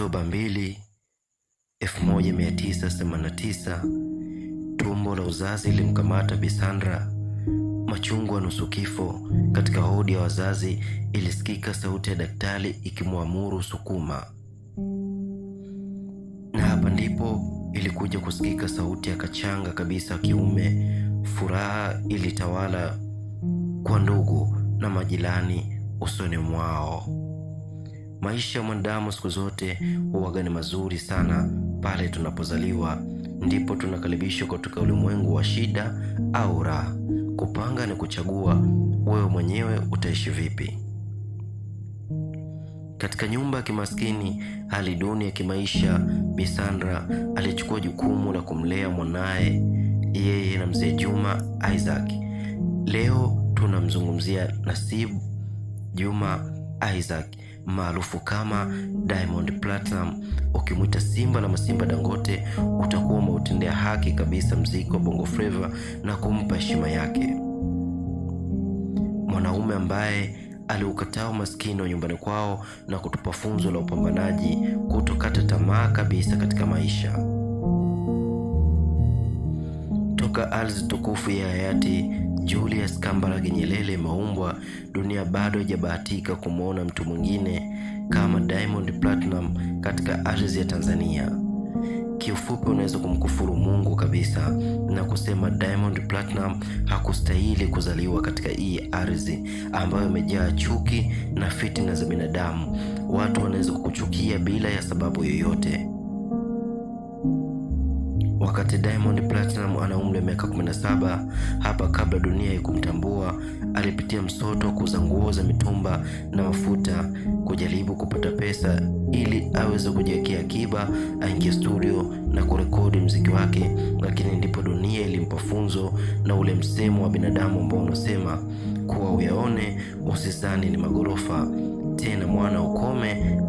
Oktoba 2, 1989 tumbo la uzazi lilimkamata Bisandra machungu ya nusu kifo. Katika hodi ya wazazi ilisikika sauti ya daktari ikimwamuru sukuma, na hapa ndipo ilikuja kusikika sauti ya kachanga kabisa kiume. Furaha ilitawala kwa ndugu na majirani usoni mwao. Maisha ya mwanadamu siku zote mm. huwaga ni mazuri sana pale tunapozaliwa, ndipo tunakaribishwa katika ulimwengu wa shida au raha. Kupanga ni kuchagua wewe mwenyewe utaishi vipi. Katika nyumba ya kimaskini, hali duni ya kimaisha, Bisandra alichukua jukumu la kumlea mwanaye yeye na mzee Juma Isaac. Leo tunamzungumzia Nasibu Juma Isaac maarufu kama Diamond Platinum. Ukimwita Simba na Masimba Dangote utakuwa umeutendea haki kabisa mziki wa Bongo Flava na kumpa heshima yake, mwanaume ambaye aliukataa umaskini wa nyumbani kwao na kutupa funzo la upambanaji, kutokata tamaa kabisa katika maisha. Toka ardhi tukufu ya hayati Julius Kambarage Nyerere imeumbwa, dunia bado haijabahatika kumwona mtu mwingine kama Diamond Platinum katika ardhi ya Tanzania. Kiufupi, unaweza kumkufuru Mungu kabisa na kusema Diamond Platinum hakustahili kuzaliwa katika hii ardhi ambayo imejaa chuki na fitina za binadamu. Watu wanaweza kukuchukia bila ya sababu yoyote. Wakati Diamond Platinum ana umri wa miaka 17, hapa kabla dunia haikumtambua, alipitia msoto wa kuuza nguo za mitumba na mafuta, kujaribu kupata pesa ili aweze kujiwekea akiba, aingie studio na kurekodi mziki wake. Lakini ndipo dunia ilimpa funzo na ule msemo wa binadamu ambao unasema kuwa uyaone usizani ni magorofa tena, mwana ukome